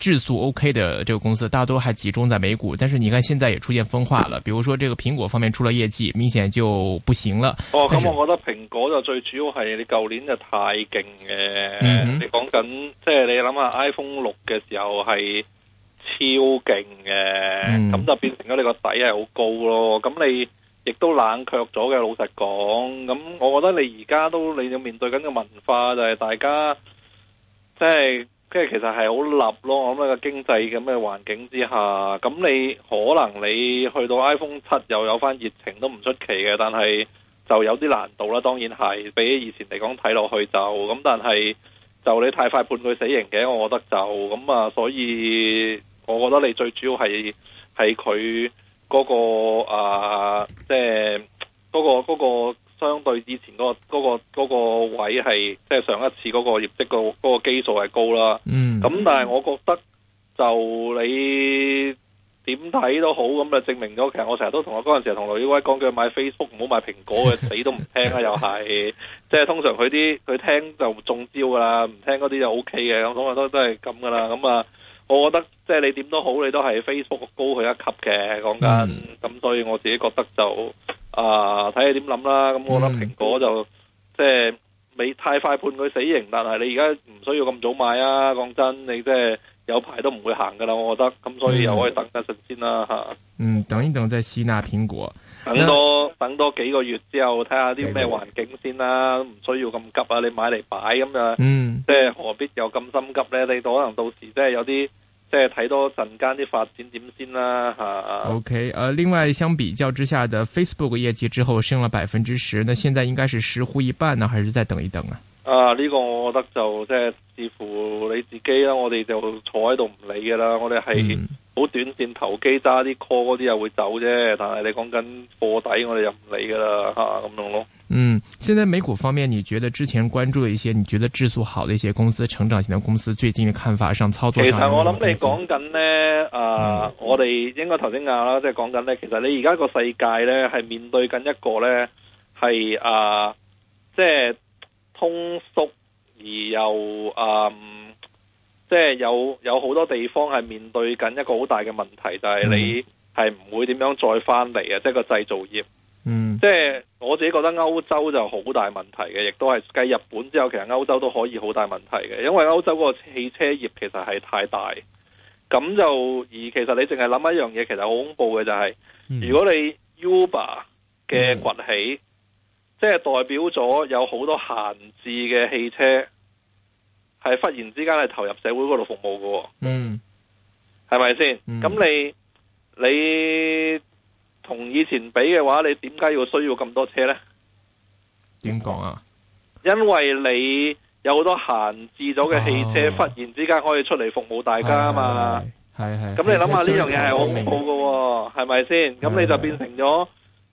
質素 OK 嘅這個公司，大多還集中在美股，但是你看現在也出現分化了。比如說，這個蘋果方面出了業績，明顯就不行了。咁、哦、我覺得蘋果就最主要係你舊年就太勁嘅，嗯、哼你講緊即係你諗下 iPhone 六嘅時候係超勁嘅，咁、嗯、就變成咗你個底係好高咯。咁你亦都冷卻咗嘅，老實講。咁我覺得你而家都你要面對緊嘅文化就係大家、就是、即係。即係其實係好立咯，我諗一個經濟咁嘅環境之下，咁你可能你去到 iPhone 七又有翻熱情都唔出奇嘅，但係就有啲難度啦。當然係比以前嚟講睇，落去就咁，但係就你太快判佢死刑嘅，我覺得就咁啊。所以我覺得你最主要係係佢嗰個啊，即係嗰個嗰個。呃，就是那個那個相對以前嗰個嗰個嗰個位係，即係上一次嗰個業績個基數係高啦。咁、嗯、但係我覺得就你點睇都好，咁啊證明咗其實我成日都同我嗰陣時同雷宇威講，佢買 Facebook 唔好買蘋果嘅，死都唔聽啦 又係。即係通常佢啲佢聽就中招啦，唔聽嗰啲就 OK 嘅。咁啊都都係咁噶啦，咁啊。我覺得即係你點都好，你都係 Facebook 高佢一級嘅講緊，咁、um, 嗯、所以我自己覺得就啊睇下點諗啦。咁、嗯、我覺得蘋果就即係未太快判佢死刑，但係你而家唔需要咁早買啊。講真，你即係有排都唔會行噶啦。我覺得咁、嗯、所以又可以等一陣先啦嚇。嗯，等一等再吸納蘋果，啊、等多等多幾個月之後睇下啲咩環境先啦，唔需要咁急啊。你買嚟擺咁啊，樣嗯嗯、即係何必又咁心急咧？你可能到時即係有啲。即係睇多陣間啲發展點先啦吓。O K，誒，另外相比較之下的 Facebook 業績之後升咗百分之十，那現在應該是十乎一半呢，還是再等一等啊？啊、呢，這個我覺得就即係視乎你自己啦，我哋就坐喺度唔理噶啦，我哋係好短線投機揸啲 call 嗰啲又會走啫，但係你講緊貨底我哋又唔理噶啦吓，咁、啊、樣咯。嗯，現在美股方面，你覺得之前關注一些你覺得質素好的一些公司，成長型的公司，最近的看法上、操作上有冇？其實我諗你講緊咧，誒、嗯呃，我哋應該頭先講啦，即係講緊咧，其實你而家個世界咧係面對緊一個咧係誒，即係通縮而，而又誒，即係有有好多地方係面對緊一個好大嘅問題，就係、是、你係唔會點樣再翻嚟啊。嗯、即係個製造業。即係我自己覺得歐洲就好大問題嘅，亦都係繼日本之後，其實歐洲都可以好大問題嘅。因為歐洲個汽車業其實係太大，咁就而其實你淨係諗一樣嘢，其實好恐怖嘅就係、是，如果你 Uber 嘅崛起，即係、嗯、代表咗有好多閒置嘅汽車係忽然之間係投入社會嗰度服務嘅、哦，嗯，係咪先？咁你、嗯、你。你同以前比嘅話，你點解要需要咁多車咧？點講啊？因為你有好多閒置咗嘅汽車，忽然之間可以出嚟服務大家啊嘛。咁、哦、你諗下呢樣嘢係好唔好㗎？係咪先？咁吧的你就變成咗，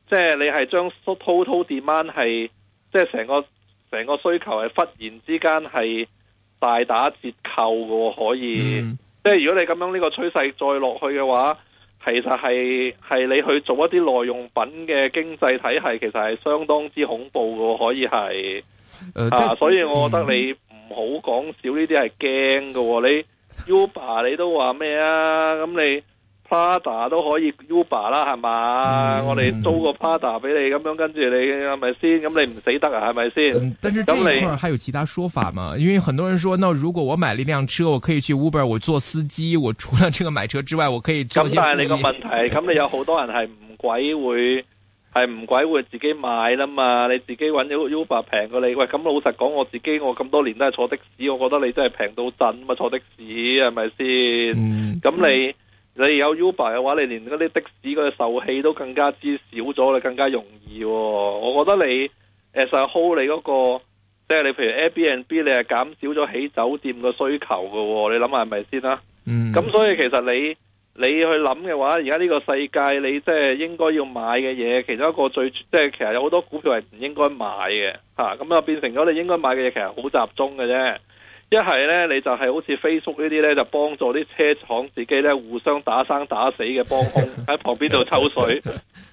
即、就、係、是、你係將 total demand 係即係成個成個需求係忽然之間係大打折扣㗎喎，可以。嗯、即係如果你咁樣呢個趨勢再落去嘅話，其實係係你去做一啲耐用品嘅經濟體系，其實係相當之恐怖㗎，可以係，呃、啊，是所以我覺得你唔好講少呢啲係驚㗎，你 Uber 你都話咩啊，咁你。Pada 都可以 Uber 啦，係嘛？我哋租個 Pada 俾你咁樣，跟住你係咪先？咁你唔死得啊？係咪先？等你咁你？重有其他講法嘛，因為好多人講，如果我買咗架車，我可以去 Uber，我做司機，我除咗買車之外。咁但係你個問題，咁你有好多人係唔鬼會係唔鬼會自己買啦嘛？你自己搵 Uber 平過你喂？咁老實講，我自己我咁多年都係坐的士，我覺得你真係平到震，咪坐的士係咪先？咁你？嗯嗯嗯你有 Uber 嘅話，你連嗰啲的士嘅受氣都更加之少咗，你更加容易、哦。我覺得你誒，實 hold 你嗰、嗰個，即係你譬如 Airbnb，你係減少咗起酒店嘅需求嘅、哦。你諗下係咪先啦？咁、mm. 所以其實你你去諗嘅話，而家呢個世界你即係應該要買嘅嘢，其中一個最即係其實有好多股票係唔應該買嘅吓，咁啊就變成咗你應該買嘅嘢，其實好集中嘅啫。一係呢，你就係好似 Facebook 呢啲呢，就幫助啲車廠自己呢互相打生打死嘅幫凶喺旁邊度抽水，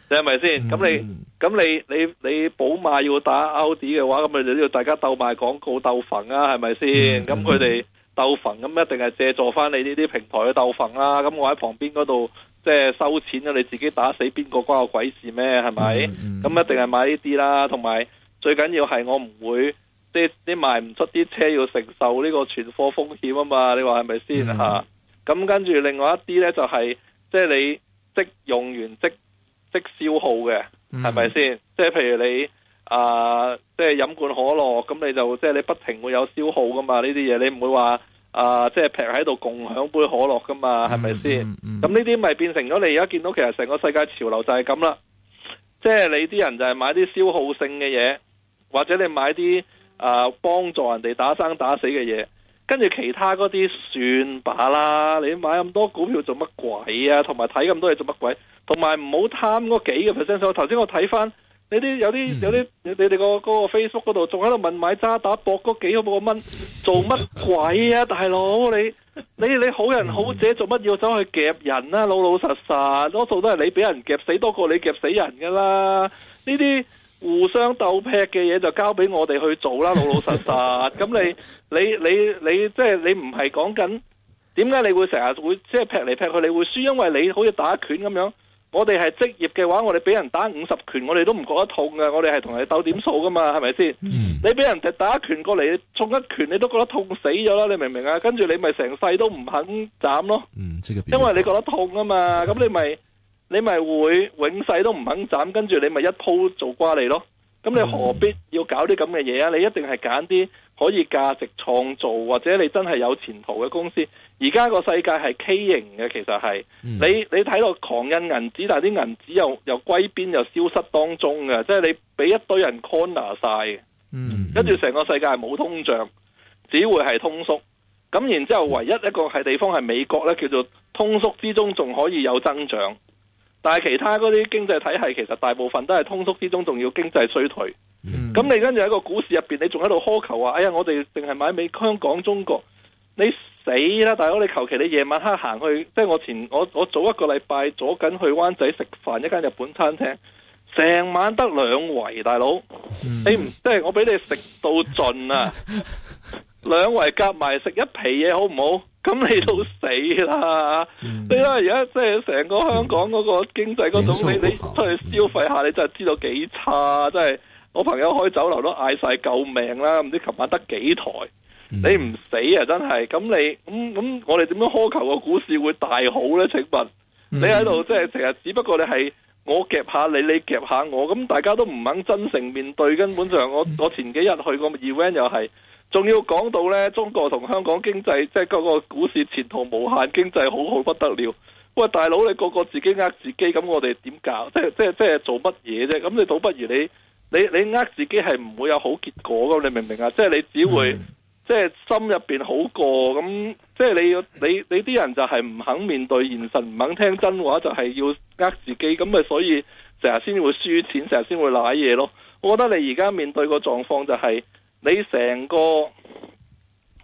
你係咪先？咁你咁你你你寶馬要打奧迪嘅話，咁你咪要大家鬥賣廣告鬥粉啊？係咪先？咁佢哋鬥粉，咁一定係借助翻你呢啲平台去鬥粉啦。咁我喺旁邊嗰度即係收錢啊！你自己打死邊個關我鬼事咩？係咪？咁、嗯嗯嗯嗯、一定係買呢啲啦。同埋最緊要係我唔會。啲啲賣唔出啲車要承受呢個存貨風險啊嘛，你話係咪先吓？咁、嗯啊、跟住另外一啲咧就係、是，即、就、係、是、你即用完即即消耗嘅，係咪先？即係、嗯、譬如你啊，即係飲罐可樂，咁你就即係、就是、你不停會有消耗噶嘛？呢啲嘢你唔會話啊，即係平喺度共享杯可樂噶嘛？係咪先？咁呢啲咪變成咗你而家見到其實成個世界潮流就係咁啦，即、就、係、是、你啲人就係買啲消耗性嘅嘢，或者你買啲。啊！幫、呃、助人哋打生打死嘅嘢，跟住其他嗰啲算把啦。你買咁多股票做乜鬼啊？同埋睇咁多嘢做乜鬼？同埋唔好貪嗰幾個 percent。頭先我睇翻你啲有啲有啲你哋、嗰個個 Facebook 度仲喺度問買渣打博嗰幾個個蚊做乜鬼啊？大佬你你你好人好者做乜要走去夾人啊？老老實實多數都係你俾人夾死多過你夾死人㗎喇呢啲。互相鬥劈嘅嘢就交俾我哋去做啦，老 老實實。咁你你你你即係、就是、你唔係講緊點解你會成日會即係、就是、劈嚟劈去你會輸，因為你好似打拳咁樣，我哋係職業嘅話，我哋俾人打五十拳，我哋都唔覺得痛㗎。我哋係同你鬥點數噶嘛，係咪先？嗯、你俾人打拳過嚟，衝一拳你都覺得痛死咗啦，你明唔明啊？跟住你咪成世都唔肯斬咯。嗯、因為你覺得痛啊嘛，咁的你咪。你咪會永世都唔肯斬，跟住你咪一鋪做瓜你咯。咁你何必要搞啲咁嘅嘢啊？你一定係揀啲可以價值創造或者你真係有前途嘅公司。而家個世界係畸形嘅，其實係你你睇到狂印銀紙，但係啲銀紙又又歸邊又消失當中嘅，即係你俾一堆人 corner 晒，嘅、嗯。跟住成個世界冇通脹，只會係通縮。咁然之後，唯一一個係地方係美國呢叫做通縮之中仲可以有增長。但係其他嗰啲經濟體系其實大部分都係通縮之中，仲要經濟衰退。咁、mm. 你跟住喺個股市入邊，你仲喺度苛求話：哎呀，我哋淨係買美、香港、中國，你死啦！大佬，你求其你夜晚黑行去，即係我前我我早一個禮拜阻緊去灣仔食飯一間日本餐廳，成晚得兩圍，大佬，mm. 你唔即係我俾你食到盡啊！ 兩圍夾埋食一皮嘢好唔好？咁你都死啦！嗯、你睇下而家即係成個香港嗰個經濟嗰種，你、嗯、你出去消費下，你真係知道幾差。嗯、真係我朋友開酒樓都嗌晒救命啦，唔知琴晚得幾台。嗯、你唔死啊，真係，咁你，咁我哋點樣苛求個股市會大好呢？請問你喺度即係成日，只不過你係我夾下你，你夾下我，咁大家都唔肯真誠面對，根本上我我前幾日去個 event 又係。仲要講到呢，中國同香港經濟，即係個個股市前途無限，經濟好好不得了。喂，大佬你個個自己呃自己，咁我哋點搞？即係即係做乜嘢啫？咁你倒不如你你你呃自己係唔會有好結果㗎，你明唔明啊？即係你只會、嗯、即係心入邊好過咁，即係你你你啲人就係唔肯面對現實，唔肯聽真話，就係、是、要呃自己咁咪，所以成日先會輸錢，成日先會舐嘢咯。我覺得你而家面對個狀況就係、是。你成個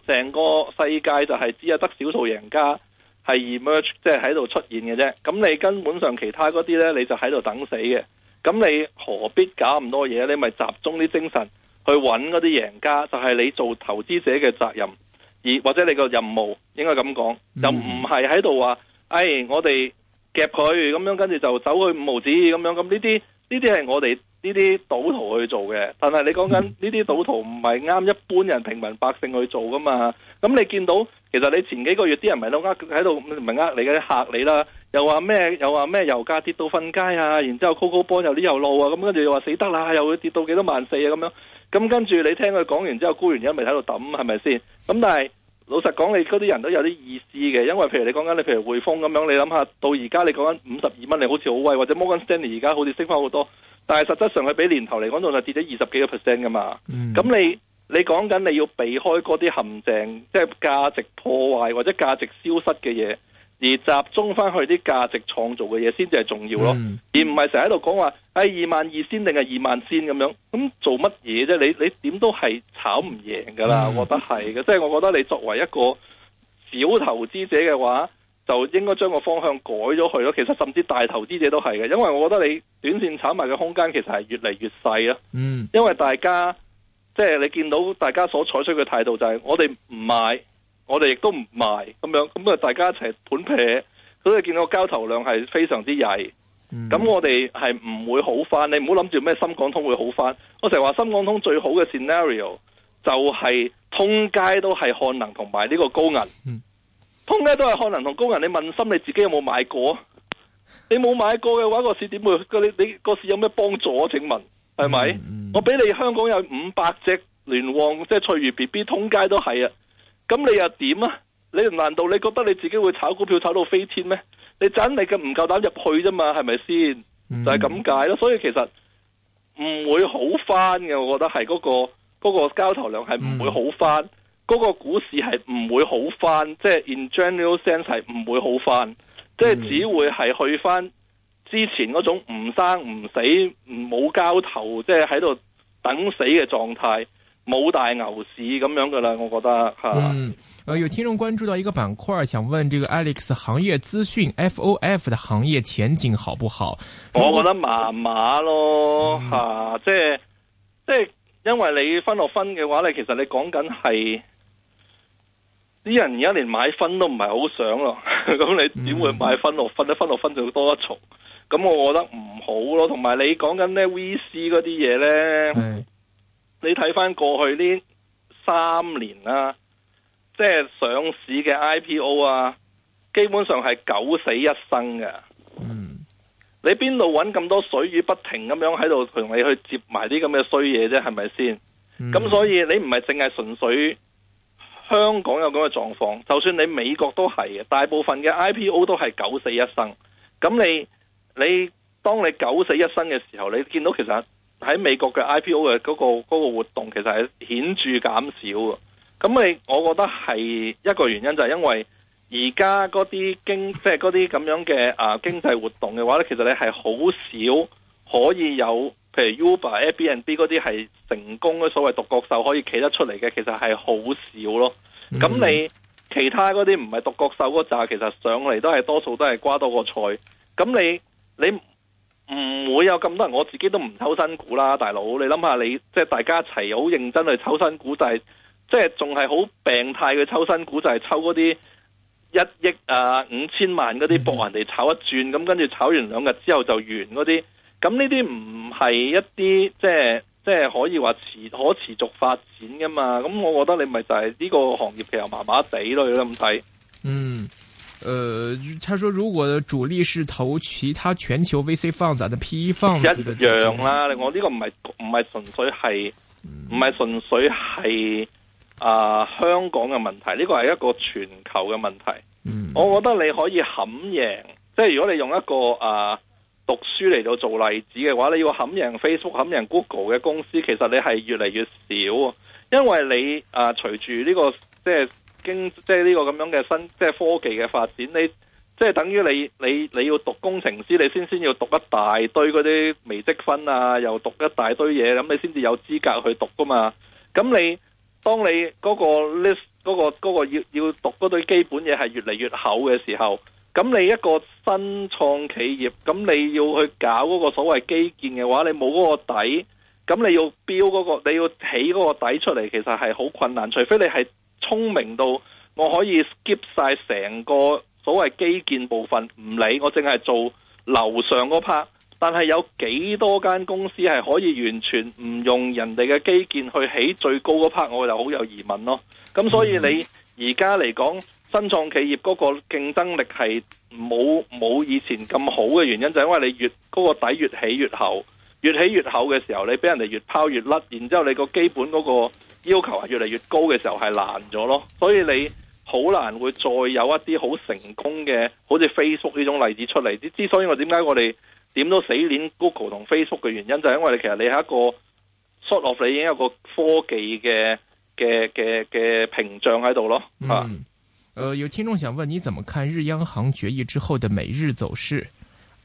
成個世界就係只有得少數贏家係 emerge，即係喺度出現嘅啫。咁你根本上其他嗰啲呢，你就喺度等死嘅。咁你何必搞咁多嘢？你咪集中啲精神去揾嗰啲贏家，就係你做投資者嘅責任，而或者你個任務應該咁講，就唔係喺度話，哎，我哋夾佢咁樣，跟住就走去五毫子咁樣。咁呢啲呢啲係我哋，呢啲賭徒去做嘅，但係你講緊呢啲賭徒唔係啱一般人平民百姓去做㗎嘛？咁你見到其實你前幾個月啲人咪都呃喺度，唔係呃你嘅嚇你啦，又話咩？又話咩？油價跌到瞓街啊！然之後 Coco 波又啲又路啊！咁、嗯、跟住又話死得啦！又會跌到幾多萬四啊！咁樣咁、嗯、跟住你聽佢講完之後，沽完以後咪喺度揼係咪先？咁但係老實講，你嗰啲人都有啲意思嘅，因為譬如你講緊你譬如，譬如匯豐咁樣，你諗下到而家你講緊五十二蚊，你好似好貴，或者摩根士丹利而家好似升翻好多。但係實質上佢比年頭嚟講仲係跌咗二十幾個 percent 噶嘛？咁、嗯、你你講緊你要避開嗰啲陷阱，即係價值破壞或者價值消失嘅嘢，而集中翻去啲價值創造嘅嘢，先至係重要咯。嗯、而唔係成日喺度講話，誒二萬二先定係二萬先咁樣，咁做乜嘢啫？你你點都係炒唔贏噶啦嗯、我覺得係嘅。即係我覺得你作為一個小投資者嘅話，就應該將個方向改咗去咯，其實甚至大投資者都係嘅，因為我覺得你短線炒賣嘅空間其實係越嚟越細咯。嗯，因為大家即係、就是、你見到大家所採取嘅態度就係、是，我哋唔賣，我哋亦都唔賣咁樣，咁啊大家一齊盤劈，所以見到交投量係非常之曳，咁、嗯、我哋係唔會好翻。你唔好諗住咩深港通會好翻，我成日話深港通最好嘅 scenario 就係通街都係漢能同埋呢個高銀。嗯通街都係漢能同工人，你問心你自己有冇買過？你冇買過嘅話，個市點會？你你個市有咩幫助啊？請問係咪？是是嗯嗯、我俾你香港有五百隻聯旺，即係翠如 B B 通街都係啊！咁你又點啊？你難道你覺得你自己會炒股票炒到飛天咩？你真你嘅唔夠膽入去啫嘛？係咪先？嗯、就係咁解咯。所以其實唔會好翻嘅，我覺得係嗰、嗰個、嗰個交投量係唔會好翻。嗯嗰個股市係唔會好翻，即、就、係、是、in general sense 係唔會好翻，即係、嗯、只會係去翻之前嗰種唔生唔死、冇交投、即係喺度等死嘅狀態，冇大牛市咁樣噶啦，我覺得嚇。啊、嗯，啊有聽眾關注到一個板塊，想問這個 Alex 行業資訊 F O F 的行業前景好不好？我覺得麻麻咯嚇、啊嗯，即係即係因為你分落分嘅話咧，其實你講緊係。啲人而家連買分都唔係好想咯，咁 你點會買分六分一、嗯、分六分就多一重，咁我覺得唔好咯。同埋你講緊咧 V C 嗰啲嘢咧，嗯、你睇翻過去呢三年啦、啊，即係上市嘅 I P O 啊，基本上係九死一生嘅。嗯，你邊度揾咁多水魚不停咁樣喺度同你去接埋啲咁嘅衰嘢啫？係咪先？咁、嗯、所以你唔係淨係純粹。香港有咁嘅狀況，就算你美國都係嘅，大部分嘅 IPO 都係九死一生。咁你你當你九死一生嘅時候，你見到其實喺美國嘅 IPO 嘅嗰個嗰個活動，其實係顯著減少嘅。咁你我覺得係一個原因，就因，就係因為而家嗰啲經即係啲咁樣嘅啊經濟活動嘅話咧，其實你係好少可以有。譬如 Uber、Airbnb 嗰啲係成功嘅所謂獨角獸可以企得出嚟嘅，其實係好少咯。咁、嗯、你其他嗰啲唔係獨角獸嗰扎，其實上嚟都係多數都係瓜多過菜。咁你你唔會有咁多人？我自己都唔抽新股啦，大佬。你諗下，你即係大家一齊好認真去抽新股、就是，就係即係仲係好病態嘅抽新股就抽，就係抽嗰啲一億啊五千萬嗰啲博人哋炒一轉，咁、嗯、跟住炒完兩日之後就完嗰啲。咁呢啲唔係一啲即係即係可以話持可持續發展噶嘛？咁我覺得你咪就係呢個行業其實麻麻地咯，你咁睇。嗯，誒、呃，他說如果主力是投其他全球 VC funds 的 PE funds，嗯呃，一樣啦。我呢，呢個唔係唔係純粹係唔係純粹係啊，呃、香港嘅問題，呢，呢個係一個全球嘅問題。嗯，我覺得你可以肯贏，即係如果你用一個啊。呃讀書嚟到做例子嘅話，你要撼贏 Facebook、撼贏 Google 嘅公司，其實你係越嚟越少，因為你啊，隨住呢個即係經即係呢個咁樣嘅新即係科技嘅發展，你即係等於你你你要讀工程師，你先先要讀一大堆嗰啲微積分啊，又讀一大堆嘢，咁你先至有資格去讀㗎嘛。咁你當你嗰個 list 嗰個嗰個要要讀嗰堆基本嘢係越嚟越厚嘅時候。咁你一個新創企業，咁你要去搞嗰個所謂基建嘅話，你冇嗰個底，咁你要標嗰個，你要起嗰個底出嚟，其實係好困難。除非你係聰明到我可以 skip 晒成個所謂基建部分，唔理我，淨係做樓上嗰 part。但係有幾多間公司係可以完全唔用人哋嘅基建去起最高嗰 part，我就好有疑問咯。咁所以你而家嚟講。新創企業嗰個競爭力係冇冇以前咁好嘅原因，就係、是、因為你越嗰、那個底越起越厚，越起越厚嘅時候，你俾人哋越拋越甩，然之後你個基本嗰個要求係越嚟越高嘅時候，係難咗咯。所以你好難會再有一啲好成功嘅，好似 Facebook 呢種例子出嚟。之所以我點解我哋點都死鏈 Google 同 Facebook 嘅原因，就係、是、因為你其實你係一個 short of 你已經有個科技嘅嘅嘅嘅屏障喺度咯，啊、嗯。呃、有聽眾想問，你怎麼看日央行決議之後的美日走勢？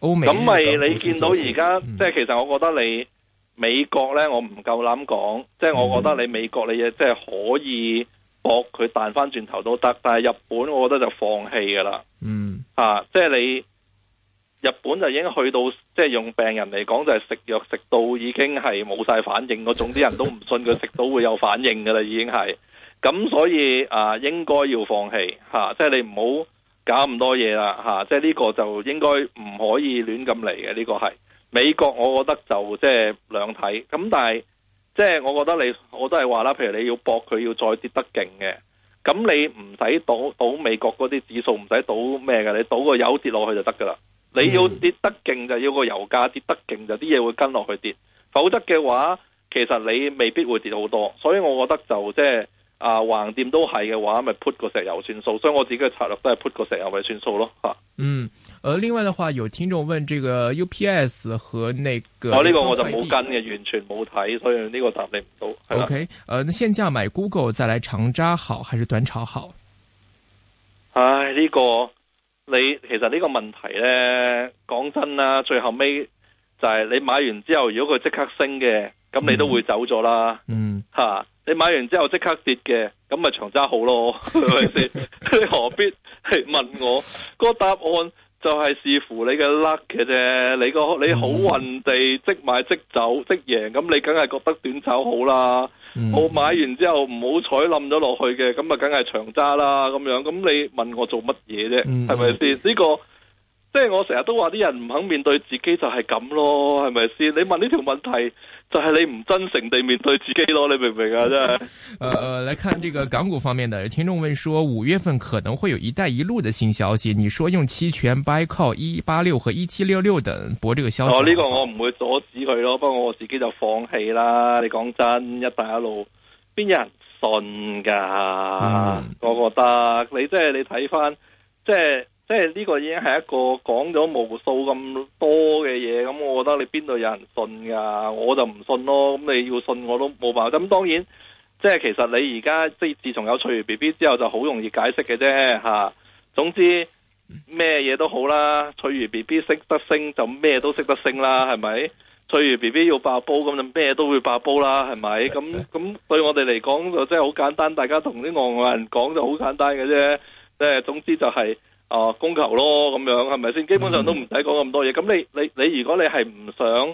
歐美咁咪你見到而家，嗯、即係其實我覺得你美國呢，我唔夠膽講，即係我覺得你美國你即係可以博佢彈翻轉頭都得，但係日本我覺得就放棄噶啦，嗯啊，即係你日本就已經去到即係用病人嚟講，就係食藥食到已經係冇晒反應嗰種，啲 人都唔信佢食到會有反應噶啦，已經係。咁所以啊，應該要放棄嚇、啊，即係你唔好搞咁多嘢啦嚇，即係呢個就應該唔可以亂咁嚟嘅。呢、呢個係美國，我覺得就，就係、啊、即係兩睇。咁但係即係我覺得你我都係話啦，譬如你要搏佢要再跌得勁嘅，咁你唔使賭賭美國嗰啲指數，唔使賭咩嘅，你賭個油跌落去就得噶啦。你要跌得勁就要個油價跌得勁，就啲嘢會跟落去跌。否則嘅話，其實你未必會跌好多。所以我覺得就即、就、係、係。啊橫掂都係嘅話，咪 put 個石油算數，所以我自己嘅策略都係 put 個石油咪算數咯吓。嗯，誒，另外嘅話，有聽眾問這個 UPS 和那個，我呢、啊這個我就冇跟嘅，嗯、完全冇睇，所以呢個答你唔到。OK，誒、呃，那現價買 Google 再來長揸好，還是短炒好？唉、啊，呢、這個你其實呢個問題咧，講真啦、啊，最後尾就係你買完之後，如果佢即刻升嘅。咁你都會走咗啦，吓、嗯啊、你買完之後即刻跌嘅，咁咪長揸好咯，係咪先？ 你何必問我？個答案就係視乎你嘅 luck 嘅啫。你個你好運地即買即走即贏，咁你梗係覺得短炒好啦。嗯、我買完之後唔好彩冧咗落去嘅，咁咪梗係長揸啦。咁樣咁你問我做乜嘢啫？係咪先？呢吧、 呢個即係我成日都話啲人唔肯面對自己就係咁咯，係咪先？你問呢條問題？就係你唔真誠地面對自己咯，你明唔明啊？真係、呃，誒、呃、誒，來看這個港股方面的聽眾問說，五月份可能會有一帶一路的新消息，你說用期權 buy call 一八六和一七六六等博這個消息。哦，呢個我唔會阻止佢咯，不過我自己就放棄啦。你講真，一帶一路邊有人信噶？嗯、我覺得你即係你睇翻即係。即係呢個已經係一個講咗無數咁多嘅嘢，咁我覺得你邊度有人信噶？我就唔信咯。咁你要信我都冇辦法。咁當然，即係其實你而家即係自從有翠如 B B 之後，就好容易解釋嘅啫。吓、啊，總之咩嘢都好啦，翠如 B B 識得升就咩都識得升啦，係咪？翠如 B B 要爆煲咁就咩都會爆煲啦，係咪？咁咁對我哋嚟講就真係好簡單，大家同啲外外人講就好簡單嘅啫。即、啊、係總之就係、是。哦，供、呃、求咯，咁樣係咪先？基本上都唔使講咁多嘢。咁你你你，你你你如果你係唔想，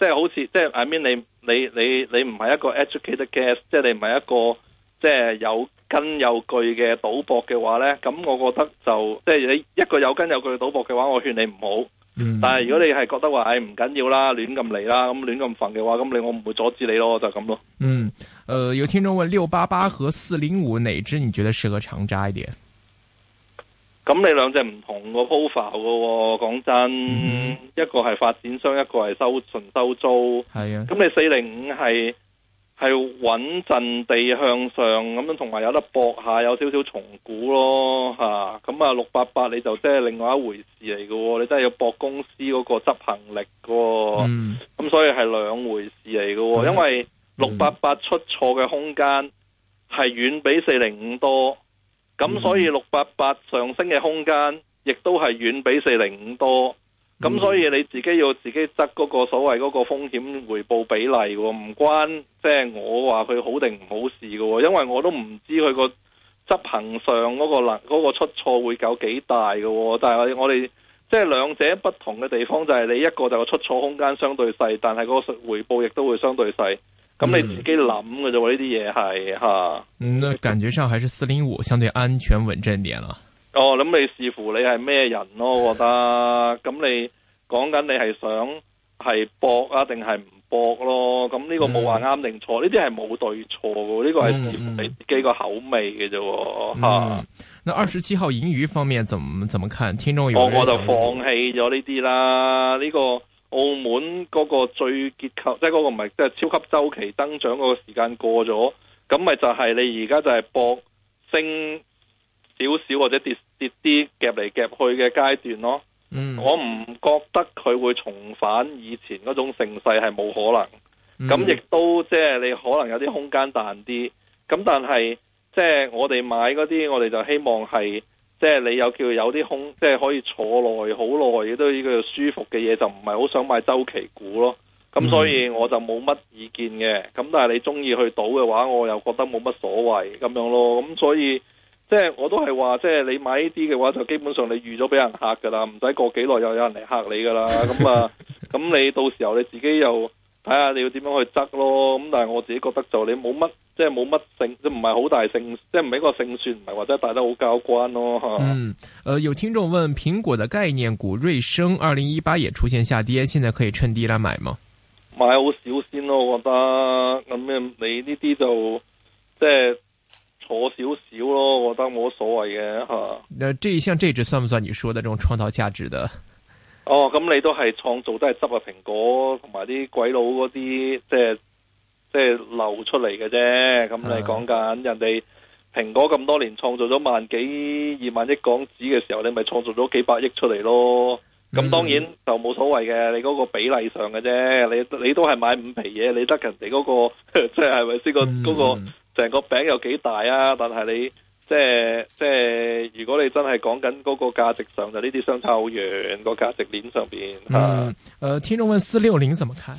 即係好似即係 I mean, 你你你你唔係一個 educated guess，即係你唔係一個即係有根有據嘅賭博嘅話呢，咁我覺得就即係你一個有根有據賭博嘅話，我勸你唔好。嗯、但係如果你係覺得、哎、係話，唉唔緊要啦，亂咁嚟啦，咁亂咁玩嘅話，咁你我唔會阻止你咯，就咁、是、咯。嗯、呃，有聽眾問六八八和四零五，哪支你覺得適合長揸一點？咁你兩隻唔同個 profile 嘅喎，講真，嗯、一個係發展商，一個係收純收租。係啊的，咁你四零五係係穩陣地向上咁樣，同埋有得博下，有少少重估咯嚇。咁啊六八八你就即係另外一回事嚟嘅喎，你真係要博公司嗰個執行力嘅、哦、喎。咁、嗯、所以係兩回事嚟嘅喎，嗯、因為六八八出錯嘅空間係遠比四零五多。咁所以六八八上升嘅空間，亦都係遠比四零五多。咁所以你自己要自己測嗰個所謂嗰個風險回報比例喎，唔關即係我話佢好定唔好事嘅喎，因為我都唔知佢個執行上嗰個能嗰、嗰個、出錯會搞幾大嘅喎。但係我哋即係兩者不同嘅地方就係、係、你一個就個出錯空間相對細，但係嗰個回報亦都會相對細。咁你自己諗嘅啫喎，呢啲嘢係吓。嗯，嗯感覺上還是四零五相對安全穩陣啲啦。哦，咁你視乎你係咩人咯，我覺得。咁你講緊你係想係搏啊，定係唔搏咯？咁、嗯、呢、嗯嗯、個冇話啱定錯，呢啲係冇對錯嘅，呢個係你自己個口味嘅啫。吓、啊嗯。那二十七號盈餘方面怎，怎怎麼看？聽眾有我，我就放棄咗呢啲啦，呢、這個。澳門嗰個最結構，即係嗰個唔係即係超級週期增長嗰個時間過咗，咁咪就係你而家就係搏升少少或者跌跌啲夾嚟夾去嘅階段咯。Mm hmm. 我唔覺得佢會重返以前嗰種盛世，係冇可能。咁亦都即係你可能有啲空間彈啲。咁但係即係我哋買嗰啲，我哋就希望係。即係你有叫有啲空，即係可以坐耐好耐嘅都呢個舒服嘅嘢，就唔係好想買周期股咯。咁所以我就冇乜意見嘅。咁但係你中意去賭嘅話，我又覺得冇乜所謂咁樣咯。咁所以即係我都係話，即係你買呢啲嘅話，就基本上你預咗俾人嚇噶啦，唔使過幾耐又有人嚟嚇你噶啦。咁啊，咁 你到時候你自己又睇下你要點樣去執咯。咁但係我自己覺得就你冇乜。即係冇乜勝，即唔係好大勝，即係唔係一個勝算，唔係或者大得好交關咯吓。嗯，誒、呃，有聽眾問，蘋果的概念股瑞聲二零一八也出現下跌，現在可以趁低嚟買嗎？買好少先咯，我覺得咁樣、嗯、你呢啲就即係坐少少咯，我覺得冇所謂嘅吓。那、啊、這、呃、像這隻算唔算你說的這種創造價值的？哦、咁、嗯、你都係創造都係執個蘋果同埋啲鬼佬嗰啲即係。即係流出嚟嘅啫，咁你講緊人哋蘋果咁多年創造咗萬幾二萬億港紙嘅時候，你咪創造咗幾百億出嚟咯？咁、嗯、當然就冇所謂嘅，你嗰個比例上嘅啫。你你都係買五皮嘢，你得人哋、那、嗰個即係係咪先個、嗯、個成個餅有幾大啊？但係你即係即係，如果你真係講緊嗰個價值上就呢、是、啲相差好遠，個價值鏈上邊。嗯、誒、呃，聽眾問四六零怎麼看？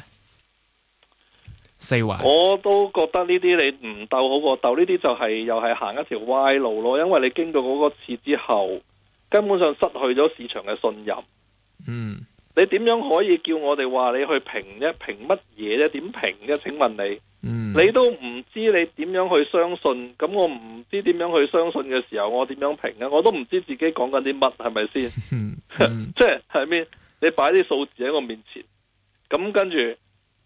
四我都覺得呢啲你唔鬥好過鬥呢啲就係又係行一條歪路咯，因為你經過嗰個次之後，根本上失去咗市場嘅信任。嗯，你點樣可以叫我哋話你去評呢？評乜嘢呢？點評呢？請問你，嗯，你都唔知你點樣去相信？咁我唔知點樣去相信嘅時候，我點樣評啊？我都唔知自己講緊啲乜，係咪先？嗯，即係係咪？你擺啲數字喺我面前，咁跟住。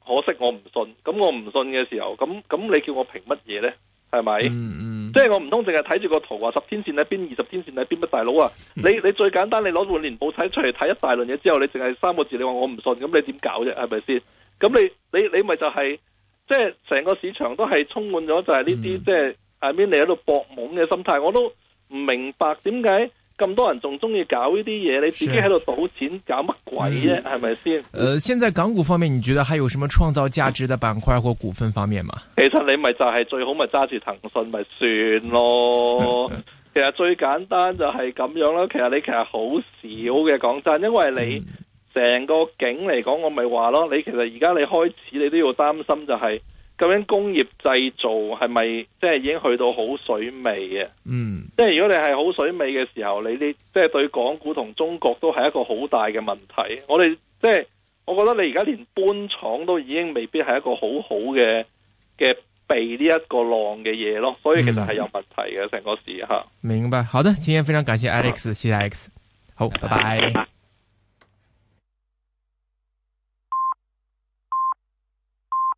可惜我唔信，咁我唔信嘅時候，咁咁你叫我憑乜嘢呢？係咪？嗯嗯、即係我唔通淨係睇住個圖話十天線喺邊，二十天線喺邊乜？大佬啊！ 你你最簡單，你攞半年報睇出嚟睇一大輪嘢之後，你淨係三個字，你話我唔信，咁你點搞啫？係咪先？咁你你你咪就係、是，即係成個市場都係充滿咗就係呢啲，嗯、即係阿 Min 你喺度搏懵嘅心態，我都唔明白點解。咁多人仲中意搞呢啲嘢，你自己喺度賭錢搞乜鬼啫？係咪先？誒、呃，現在港股方面，你覺得還有什麼創造價值的板塊或股份方面嘛，其實你咪就係、是、最好咪揸住騰訊咪算咯。 其實最簡單就係咁樣咯。其實你其實好少嘅講真，因為你成個景嚟講，我咪話咯。你其實而家你開始，你都要擔心就係、是。究竟工業製造係咪即係已經去到好水尾嘅？嗯，即係如果你係好水尾嘅時候，你哋即係對港股同中國都係一個好大嘅問題。我哋即係我覺得你而家連搬廠都已經未必係一個好好嘅嘅避呢一個浪嘅嘢咯。所以其實係有問題嘅成、嗯、個事吓。明白，好的，今天非常感謝 Alex、啊、謝，謝 Alex，好，拜拜。啊。